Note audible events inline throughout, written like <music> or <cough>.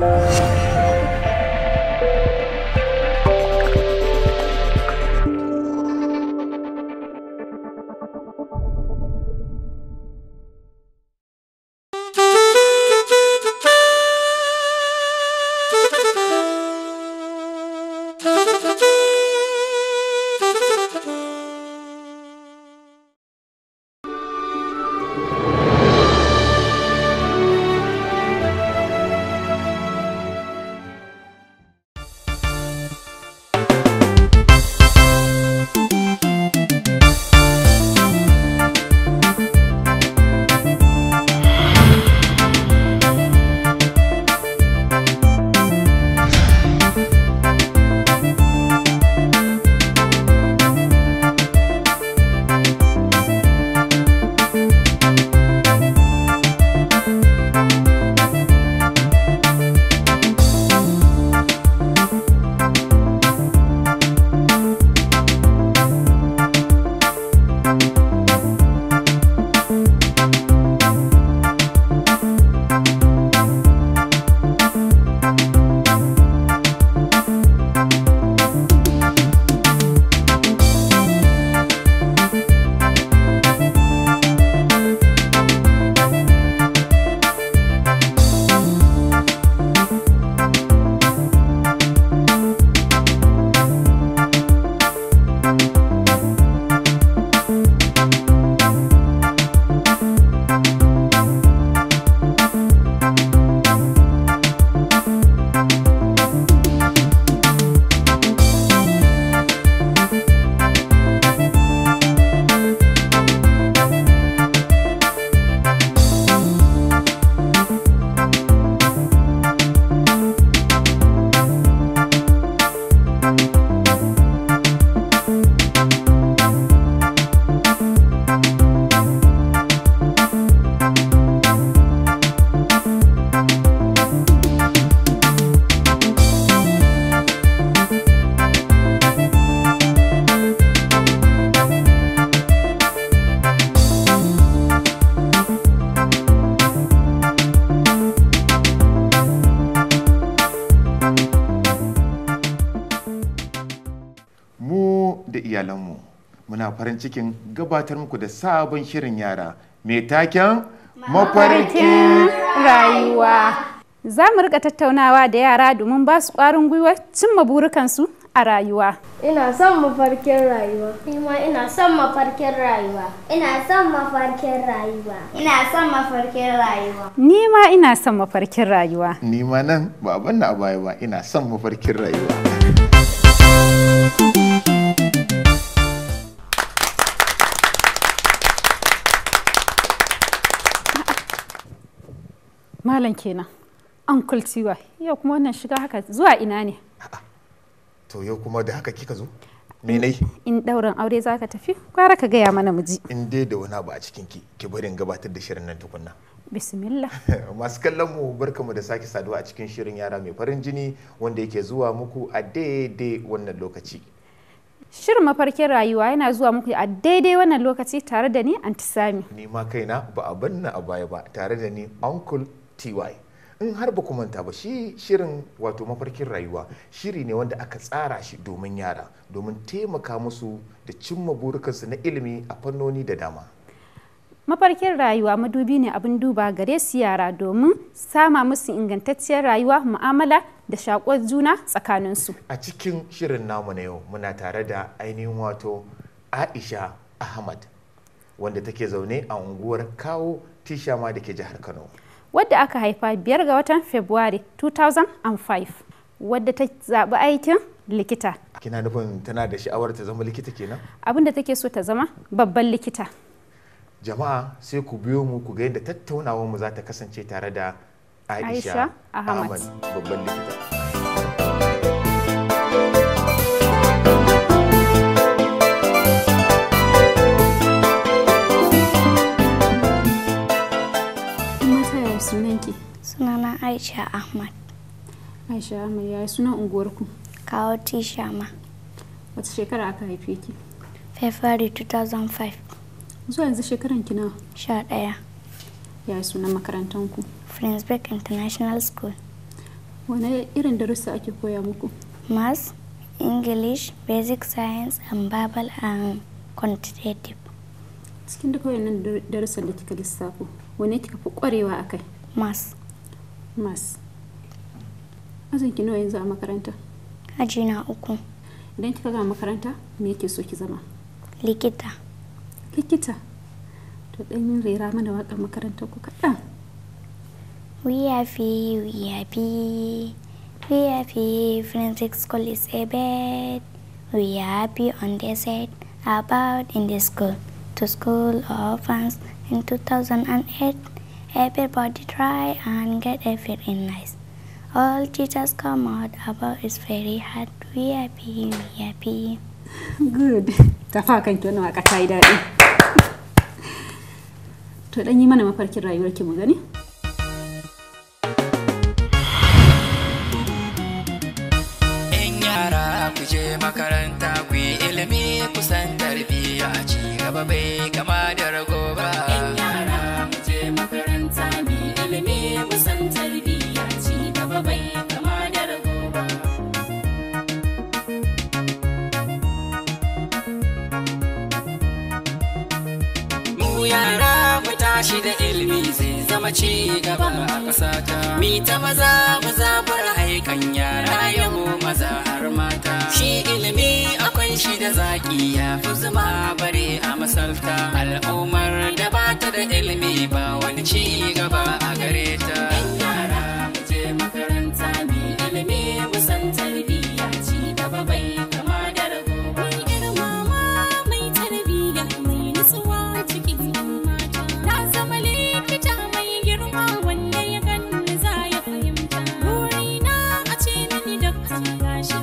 Thank you. farin cikin gabatar muku da sabon shirin yara mai taken mafarkin rayuwa za mu rika tattaunawa da yara domin ba su ƙwarin gwiwa cimma burukansu a rayuwa ina son mafarkin rayuwa ima ina son mafarkin rayuwa ina son mafarkin rayuwa ina son mafarkin rayuwa ni ma ina son mafarkin rayuwa ni ma nan ba abin na a baya ba ina son mafarkin rayuwa malam kenan uncle tiwa yau kuma wannan shiga haka zuwa ina ne to yau kuma da haka kika zo me nai in daurin aure zaka tafi kwara ka gaya mana muji. in dai da wani abu a cikin ki ki barin gabatar da shirin nan tukunna bismillah <laughs> masu kallon mu barkamu da sake saduwa a cikin shirin yara mai farin jini wanda yake zuwa muku a daidai wannan lokaci Shirin mafarkin rayuwa yana zuwa muku a daidai wannan lokaci tare da ni Antisami. Ni ma kaina ba a banna a baya ba tare da ni Uncle ty in har ba manta ba shi shirin wato mafarkin rayuwa shiri ne wanda aka tsara shi domin yara domin taimaka musu da cimma burukansu na ilimi a fannoni da dama mafarkin rayuwa madubi ne abin duba gare su yara domin sama musu ingantacciyar rayuwa mu'amala da shakuwar juna tsakaninsu a cikin shirin namu na yau muna tare da ainihin wato aisha ahmad wanda take zaune a unguwar kawo tisha ma da ke jihar kano wadda aka haifa biyar ga watan february 2005 wadda ta zaɓi aikin likita. Kina nufin tana da sha'awar ta zama likita kenan? Abin da take so ta zama babban likita. Jama'a sai ku biyo mu ku ga yadda tattaunawar mu za ta kasance tare da Aisha, Aisha Ahmad babban likita. Aisha Ahmad. Aisha Ahmad ya yi sunan unguwarku? Kawo tisha ma. Wata shekara aka haife ki? February 2005. Zuwa yanzu shekaran ki Sha ɗaya. Ya yi sunan makarantanku? Friendsburg International School. Wane irin darussa ake koya muku? Maths, English, Basic Science, and Bible and Quantitative. Cikin duka wayannan darussan da kika lissafo, wane kika fi kwarewa akai? Mas. mas azan ki nawa yanzu a makaranta aji na uku idan kika ga makaranta me yake so ki zama likita likita to dan yin rera mana waƙar makaranta ku kaɗan we are free we are free we are free forensic school is a bed we are happy on the set about in the school to school of orphans in 2008 Everybody try and get a everything nice. All teachers come out about is very hard. We happy, we happy. Good. Ta fa kan ki wannan waka ta yi daɗi. To dan yi mana mafarkin rayuwar ki mu gani. In yara makaranta ku elemi ilimi kusan achi ci gaba bai yara mu tashi da ilimi zai zama ci gaba a ƙasata. Mi ta maza mu zabar haikan yara ya maza har mata. Shi ilimi akwai shi da zaƙi ya fi zuma bare a masalta. Al'ummar da ba ta da ilimi ba wani ci gaba a gare ta.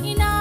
know.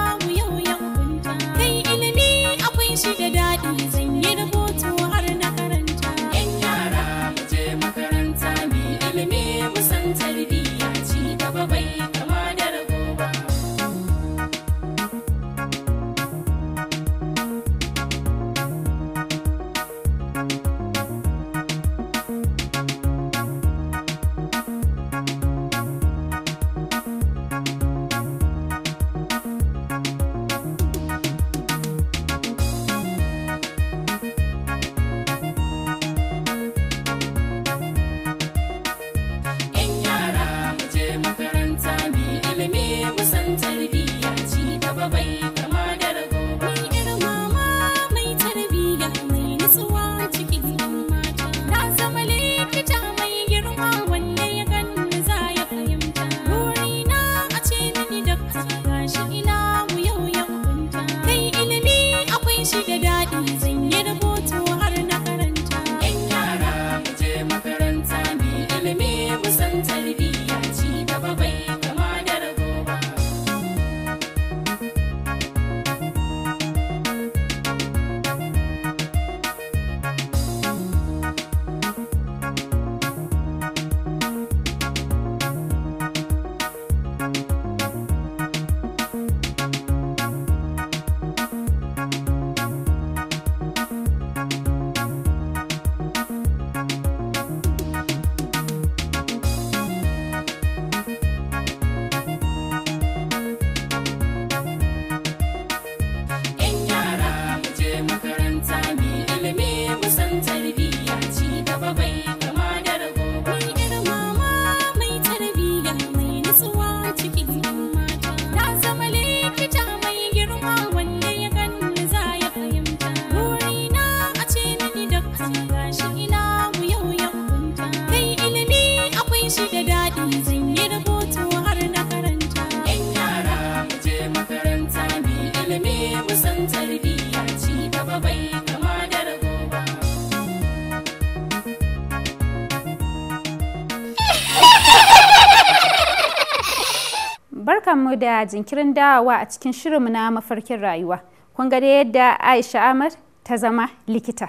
mu da jinkirin dawowa a cikin shirinmu na mafarkin rayuwa. Kun ga yadda Aisha Ahmad ta zama likita.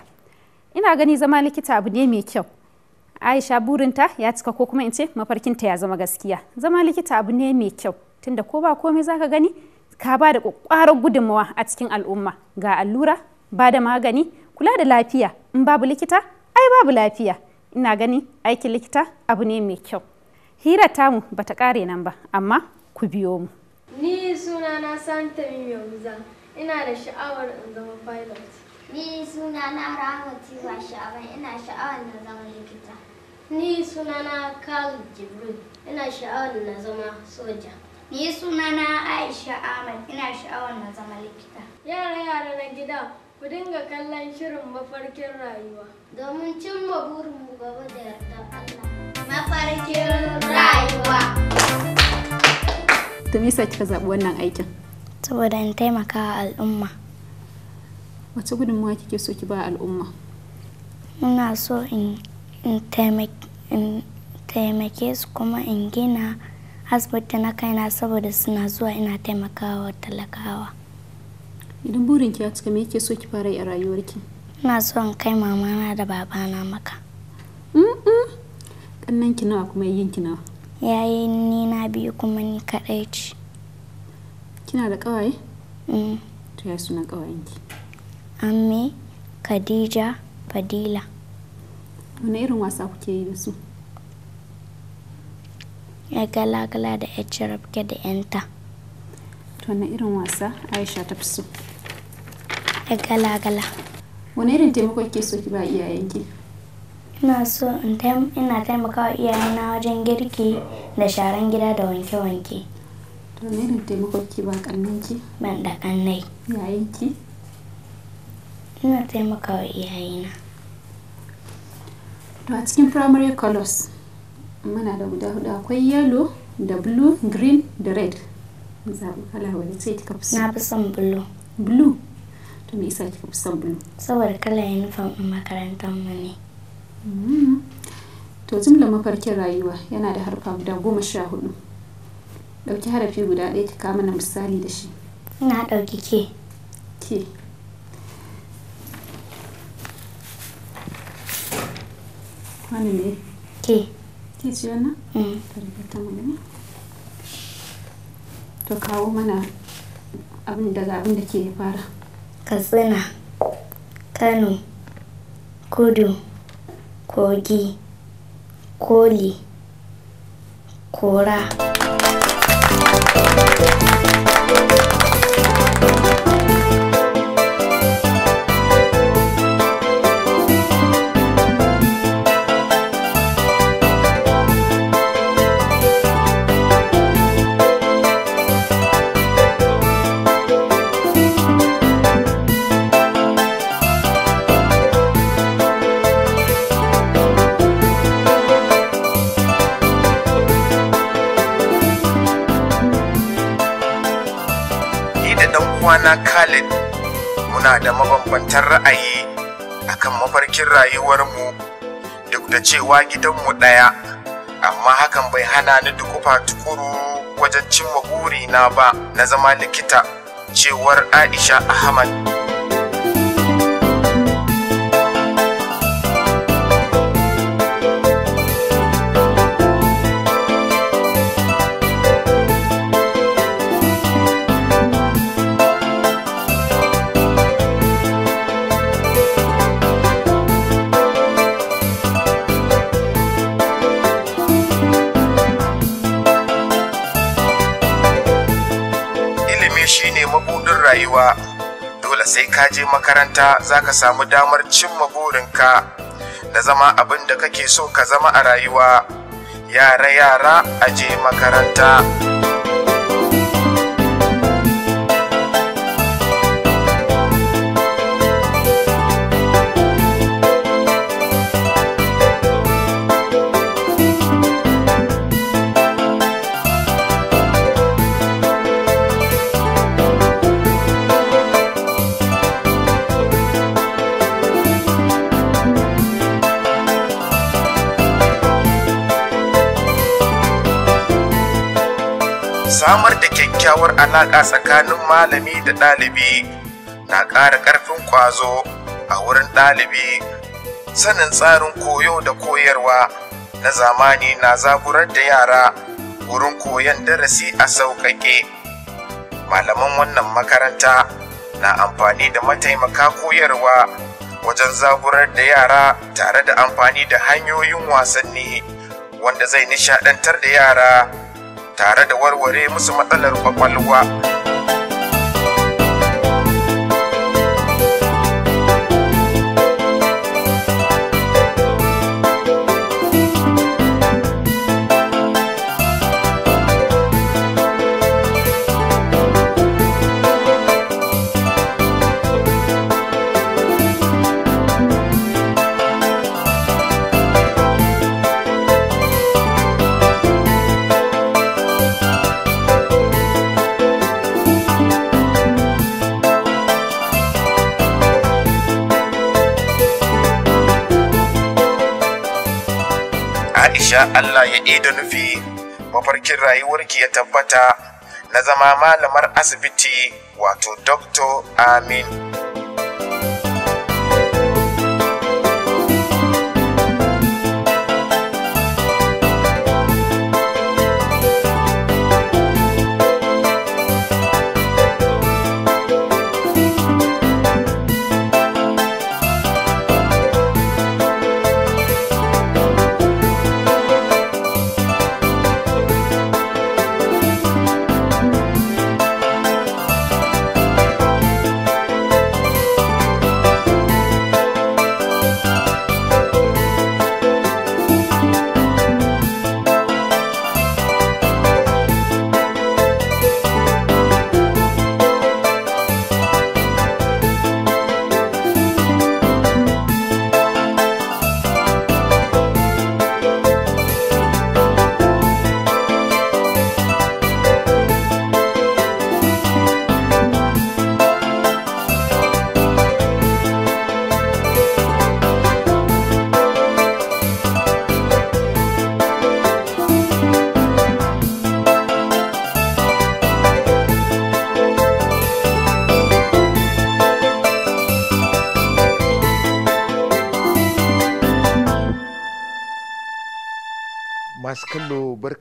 Ina gani zama likita abu ne mai kyau. Aisha burinta ya cika ko kuma in ce mafarkinta ya zama gaskiya. Zama likita abu ne mai kyau tunda ko ba komai za ka gani ka ba da kwakwarar gudunmawa a cikin al'umma ga allura ba da magani kula da lafiya in babu likita ai babu lafiya ina gani aikin likita abu ne mai kyau. hira tamu bata kare nan ba amma ku biyo mu. Ni suna na Santa Mimiyoza, ina da sha'awar in zama pilot. Ni na Rahmatu wa Sha'aban, ina sha'awar na zama likita. Ni suna na Karl Jibril, ina sha'awar na zama soja. Ni suna na Aisha Ahmed ina sha'awar na zama likita. Yara yara na gida, ku dinga kallon shirin mafarkin rayuwa. Domin cimma burinmu gaba da yarda Allah. Mafarkin rayuwa. to me yasa kika zaɓi wannan aikin saboda in taimaka al'umma wace gudunmawa kike so ki ba al'umma ina so in taimake su kuma in gina asibiti na kaina saboda suna zuwa ina taimakawa talakawa idan burin ki ya cika me yake so ki fara a rayuwarki ina so in kai mamana da babana maka mm -mm. ki nawa kuma yin ki yayin ni na biyu kuma ni kaɗai ce kina da ƙawaye? Mm. to ya suna ƙawayenki amme khadija fadila wani irin wasa kuke yi da su ya gala-gala da ya ci da yanta to wani irin wasa aisha ta fi so ya gala-gala wani irin taimako ke so ki ba iyayenki ina so in ina taimakawa iyayena wajen girki da sharan gida da wanke-wanke to me ne taimakon ki ba kannan ban da kannai yayin ki ina taimakawa iyayena to a cikin primary colors muna da guda hudu akwai yellow da blue green da red zaɓi kala wani sai kika fi na fi son blue blue to me yasa kika fi son blue saboda kala yin din makarantar mu ne To jimla mafarkin rayuwa yana da harfa guda goma sha hudu. Ɗauki harafi guda ɗaya ki kama mana misali da shi. Na ɗauki ke. Ke. Wani ne? Ke. Ke ce wannan? Mm. ta Karfata magana. To kawo mana abin daga abin da ke fara. Katsina, Kano, Kudu. kogi koli kora na Khalid muna da mabambantan ra'ayi akan mafarkin rayuwarmu duk da cewa gidanmu ɗaya amma hakan bai hana ni dukufa tukuru wajen cimma burina ba na zama likita cewar Aisha Ahmad. ka je makaranta za ka samu damar cimma burinka na zama abin da kake so ka zama a rayuwa yara yara a je makaranta kyakkyawar alaƙa tsakanin malami da ɗalibi na ƙara ƙarfin kwazo a wurin ɗalibi sanin tsarin koyo da koyarwa na zamani na zaburar da yara wurin koyon darasi a sauƙaƙe malaman wannan makaranta na amfani da mataimaka koyarwa wajen zaburar da yara tare da amfani da hanyoyin wasanni wanda zai nishaɗantar da yara tare da warware musu matsalar kwakwalwa. insha Allah ya ido nufi mafarkin rayuwarki ya tabbata na zama malamar asibiti wato Dr. Amin.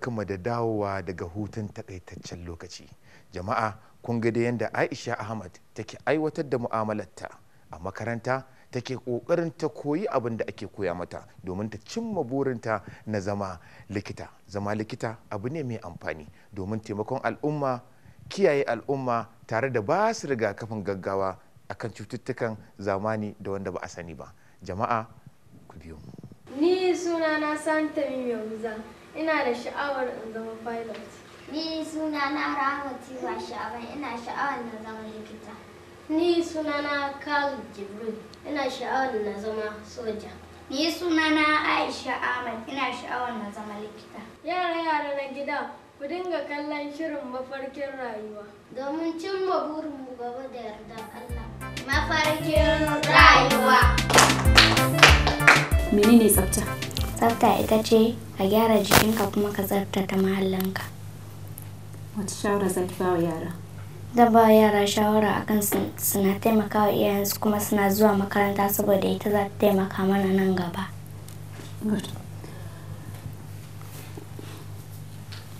barkama da dawowa daga hutun takaitaccen lokaci jama'a kun ga da yadda aisha ahmad take aiwatar da mu'amalarta a makaranta take kokarin ta koyi abin da ake koya mata domin ta cimma burinta na zama likita zama likita abu ne mai amfani domin taimakon al'umma kiyaye al'umma tare da ba su rigakafin gaggawa akan cututtukan zamani da wanda ba a sani ba jama'a ku biyo ni sunana santa mimiyar Ina da sha'awar in zama pilot. Ni suna na Rahama Tiwa Sha'aban ina sha'awar na zama likita. Ni suna na Karl Jibril ina sha'awar na zama soja. Ni suna na Aisha ahmed ina sha'awar na zama likita. Yara yara na gida ku dinga kallon shirin mafarkin rayuwa. Domin cimma burinmu gaba da yarda Allah. Mafarkin rayuwa. Menene tsafta? Tsafta ita ce a gyara jikinka kuma ka ta mahallanka Wata shawara za ki bawa yara? Zan bawa yara shawara akan suna taimakawa iyayensu kuma suna zuwa makaranta saboda ita za ta taimaka mana nan gaba.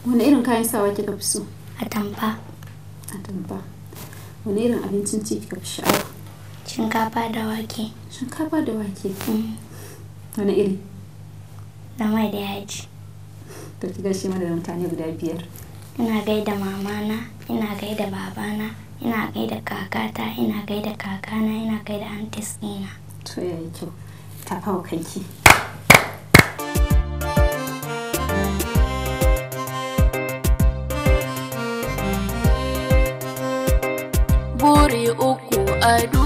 Wani irin kayan sawa kika fi so? Atamfa. Atamfa. Wani irin abincin ci kika fi sha'awa? Shinkafa da wake. Shinkafa da wake. Mm. Wani iri? da mai da yaji to ki gaishe mana da mutane guda biyar ina gaida mamana ina gaida babana ina gaida kakata ina gaida kakana ina gaida antis ina to yi kyau fawo kanki buri uku a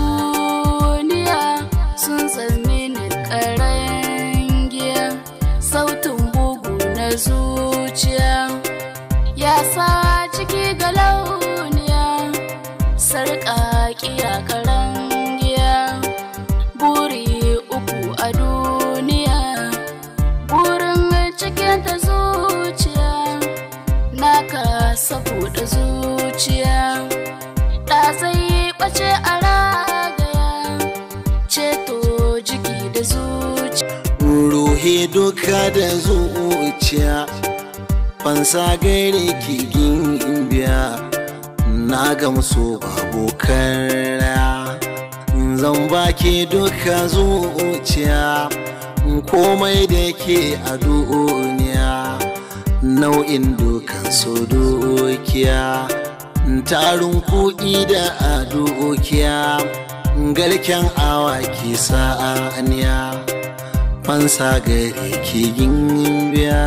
ta da zuciya fansa gare ki biya na gamsu abokan zan baki duka zuciya komai da ke a duniya nau'in dukan su dukiya tarin kuɗi da a dukiya garken awaki sa'aniya fansa gari ke yin biya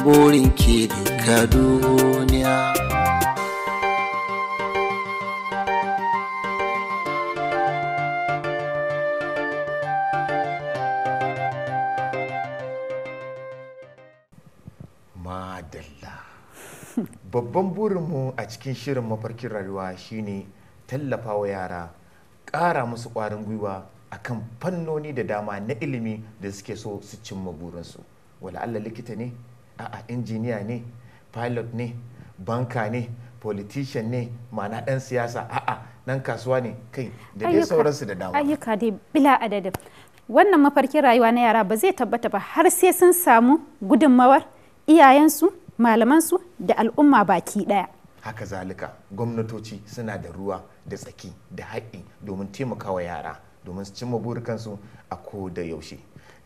burin ke duka duniya babban burinmu a cikin shirin mafarkin rayuwa shine tallafa wa yara ƙara musu ƙwarin gwiwa akan fannoni da dama na ilimi da suke so su cimma burinsu wala Allah likita ne a injiniya ne pilot ne banka ne politician ne ma'ana ɗan siyasa a'a nan kasuwa ne kai da dai sauransu da dama ayyuka dai bila adadin wannan mafarkin rayuwa na yara ba zai tabbata ba har sai sun samu gudunmawar iyayensu malamansu da al'umma baki ɗaya haka zalika gwamnatoci suna da ruwa da tsaki da haƙƙi domin taimakawa yara domin su cimma burikansu a ko da yaushe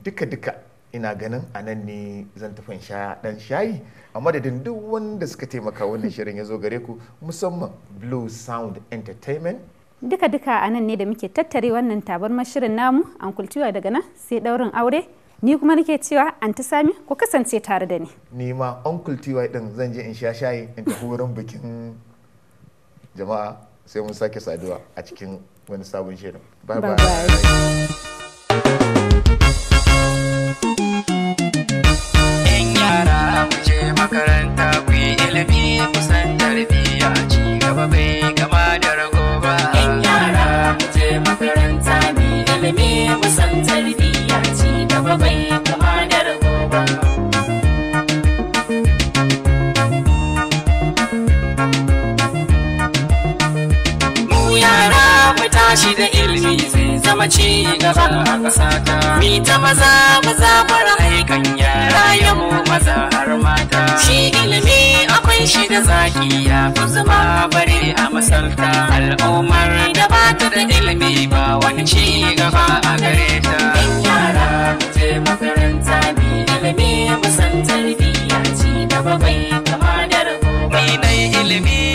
duka-duka ina ganin a nan ne zan tafi sha dan shayi a madadin duk wanda suka taimaka wannan shirin ya zo gare ku musamman blue sound entertainment duka-duka a nan ne da muke tattare wannan tabarmar shirin namu an kultuwa daga nan sai daurin aure ni kuma nake cewa an ta sami ku kasance tare da ni ni ma an kultuwa din zan je in sha shayi in tafi wurin bikin jama'a sai mun sake saduwa a cikin quando estavam em Jerônimo. bye. bye. bye. bye. ci gaba a ƙasa Mita Mi ta maza maza bara aikan yara ya mu maza har mata. Shi ilimi akwai shi da zaki ya fi zama bare a masalta. Al'ummar da ba ta da ilimi ba wani ci gaba a gare ta. yara mu je makaranta mi ilimi ya musanta tarbiyya ci gaba bai kama da rago. Mai dai ilimi